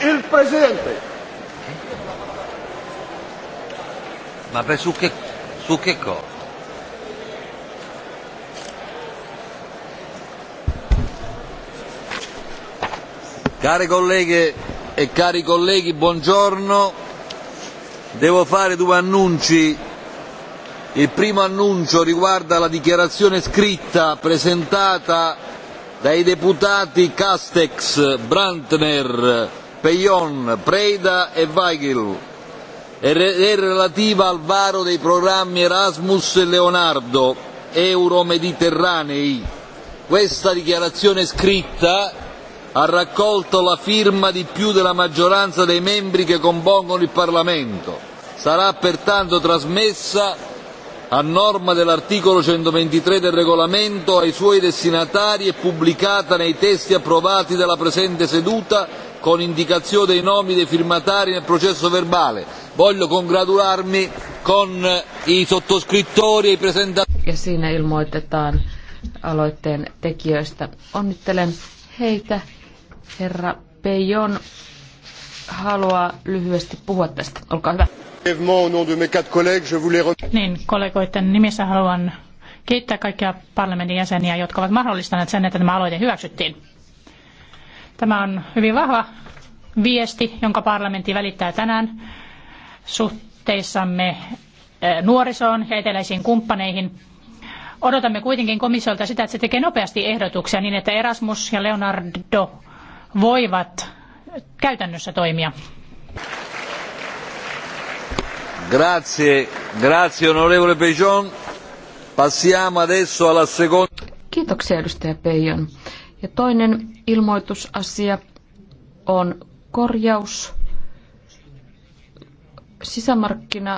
il presidente. Ma per su che, su che cosa? Care colleghe e cari colleghi, buongiorno. Devo fare due annunci. Il primo annuncio riguarda la dichiarazione scritta presentata dai deputati Castex, Brantner, Peillon, Preda e Weigel e, e relativa al varo dei programmi Erasmus e Leonardo euromediterranei. Questa dichiarazione scritta ha raccolto la firma di più della maggioranza dei membri che compongono il Parlamento. Sarà pertanto trasmessa a norma dell'articolo 123 del regolamento ai suoi destinatari e pubblicata nei testi approvati della presente seduta con indicazione dei nomi dei firmatari nel processo verbale. Voglio congratularmi con eh, i sottoscrittori e i presentatori. Ja siinä ilmoitetaan aloitteen tekijöistä. Onnittelen heitä. Herra Peijon haluaa lyhyesti puhua tästä. Olkaa hyvä. Niin, kollegoiden nimissä haluan kiittää kaikkia parlamentin jäseniä, jotka ovat mahdollistaneet sen, että tämä aloite hyväksyttiin. Tämä on hyvin vahva viesti, jonka parlamentti välittää tänään suhteissamme eh, nuorisoon ja eteläisiin kumppaneihin. Odotamme kuitenkin komissiolta sitä, että se tekee nopeasti ehdotuksia niin, että Erasmus ja Leonardo voivat käytännössä toimia. Grazie, grazie onorevole Pejon. Passiamo adesso alla seconda. Kiitoksia edustaja Peijon. Ja toinen ilmoitusasia on korjaus sisämarkkina